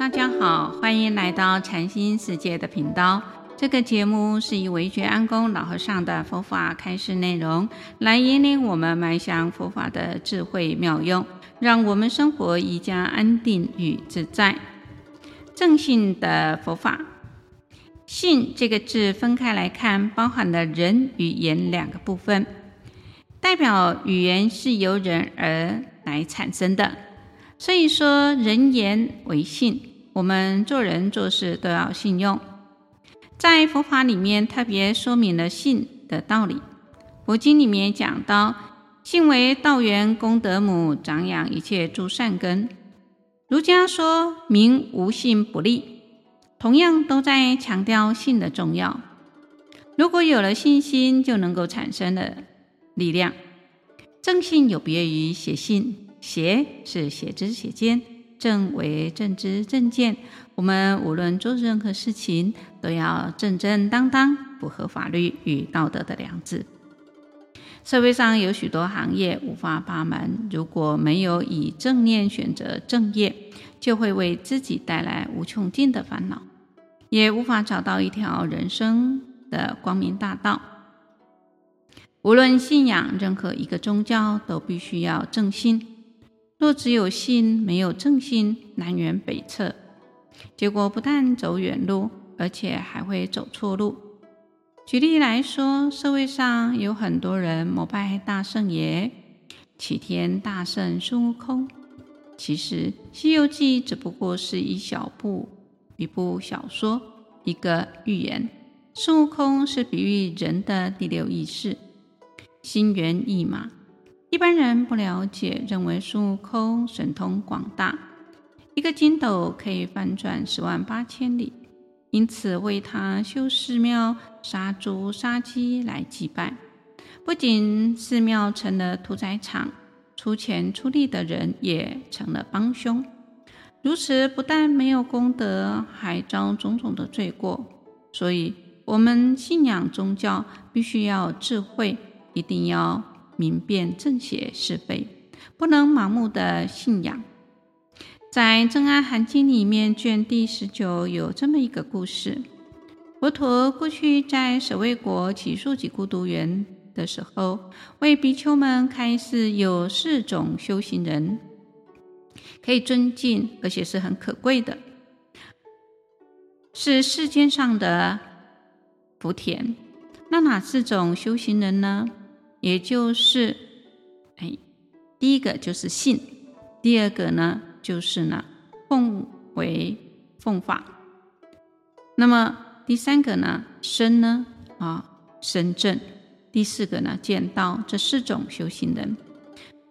大家好，歡迎來到禪心世界的頻道。這個節目是以惟覺安公老和尚的佛法開示內容，來引領我們邁向佛法的智慧妙用，讓我們生活愈加安定與自在。正信的佛法，信這個字分開來看，包含了人與言兩個部分，代表語言是由人而來產生的，所以說人言為信。我們做人做事都要信用，在佛法裡面特別說明了信的道理。佛經裡面講到，信為道源功德母，長養一切諸善根。儒家說，民無信不立，同樣都在強調信的重要。如果有了信心，就能夠產生的力量。正信有別於邪信，邪是邪知邪見。正為正知正見，我們無論做任何事情，都要正正當當，符合法律與道德的良知。社會上有許多行業五花八門，如果沒有以正念選擇正業，就會為自己帶來無窮盡的煩惱，也無法找到一條人生的光明大道。無論信仰任何一個宗教，都必須要正信。若只有信，沒有正信，南轅北轍，結果不但走遠路，而且還會走錯路。舉例來說，社會上有很多人膜拜大聖爺，齊天大聖孫悟空。其實《西遊記》只不過是一小部、一部小說，一個寓言。孫悟空是比喻人的第六意識，心猿意馬。一般人不了解，認為孫悟空神通廣大，一個筋斗可以翻轉十萬八千里，因此為他修寺廟、殺豬殺雞來祭拜。不僅寺廟成了屠宰場，出錢出力的人也成了幫凶。如此不但沒有功德，還遭種種的罪過。所以，我們信仰宗教必須要智慧，一定要。明辨正邪是非，不能盲目的信仰。在《增壹阿含經》裡面，卷第十九有這麼一個故事：佛陀過去在舍衛國祇樹給孤獨園的時候，為比丘們開示，有四種修行人可以尊敬，而且是很可貴的，是世間上的福田。那哪四種修行人呢？也就是，哎，第一個就是信，第二個呢就是呢奉為奉法，那麼第三個呢身呢啊身證，第四個呢見道，這四種修行人，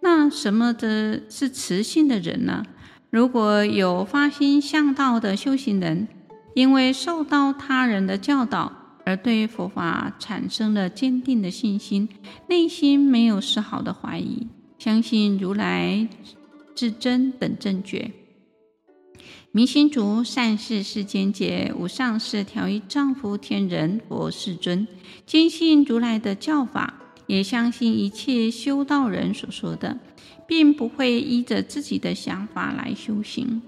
那什麼的是持信的人呢？如果有發心向道的修行人，因為受到他人的教導。而對佛法產生了堅定的信心，內心沒有絲毫的懷疑，相信如來、至真等正覺，明行足，善逝、世間解，無上士調御丈夫、天人、佛世尊，堅信如來的教法，也相信一切修道人所說的，並不會依着自己的想法來修行，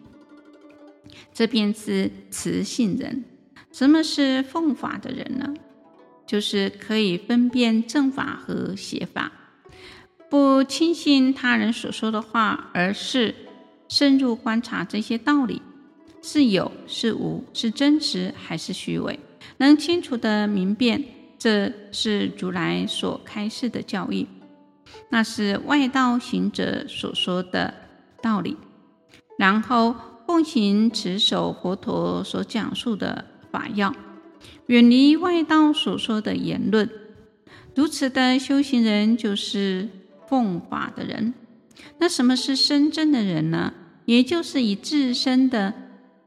這便是持信人。什麼是奉法的人呢？就是可以分辨正法和邪法，不輕信他人所說的話，而是深入觀察這些道理，是有是無，是真實還是虛偽，能清楚地明辨，這是如來所開示的教義，那是外道行者所說的道理。然後奉行持守佛陀所講述的。法要遠離外道所說的言論，如此的修行人就是奉法的人。那什麼是身證的人呢？也就是以自身的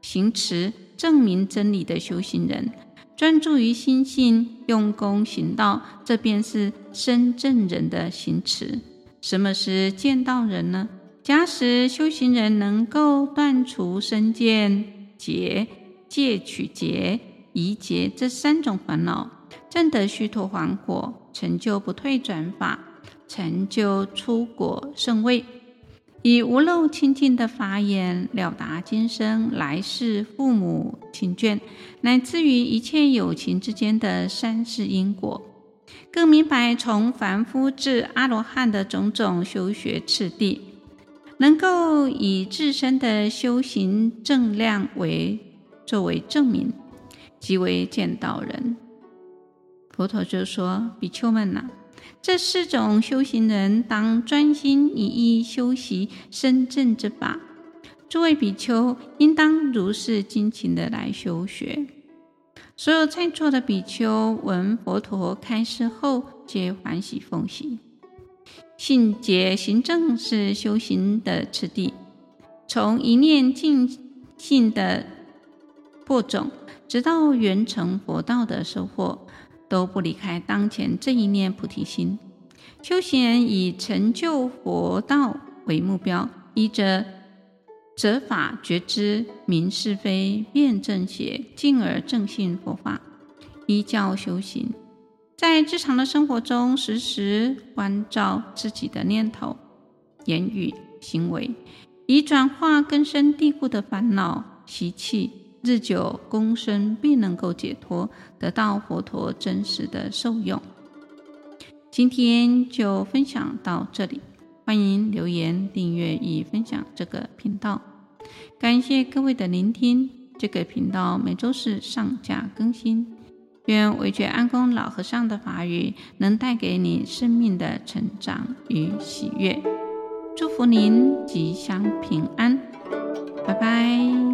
行持證明真理的修行人，專注於心性用功行道，這便是身證人的行持。什麼是見道人呢？假使修行人能夠斷除身見結。戒取結、疑結這三種煩惱，證得須陀洹果，成就不退轉法，成就初果聖位，以無漏清淨的法眼了達今生、來世、父母、親眷，乃至於一切有情之間的三世因果，更明白從凡夫至阿羅漢的種種修學次第，能夠以自身的修行證量為。作為證明，即為見道人。佛陀就說：“比丘們吶、啊，這四種修行人當專心一意修習身證之法。諸位比丘應當如是精勤的來修學。”所有在座的比丘聞佛陀開示後，皆歡喜奉行。信、解、行、證，是修行的次第。從一念淨信的。播種，直到圓成佛道的收穫，都不離開當前這一念菩提心。修行人以成就佛道為目標，依着擇法覺支、明是非、辨正邪，進而正信佛法，依教修行，在日常的生活中時時觀照自己的念頭、言語、行為，以轉化根深蒂固的煩惱習氣。日久，功深必能夠解脫，得到佛陀真實的受用。今天就分享到這裡，歡迎留言、訂閱與分享這個頻道。感謝各位的聆聽，這個頻道每周四上架更新。願惟覺安公老和尚的法語能帶給你生命的成長與喜悅。祝福您吉祥平安，拜拜。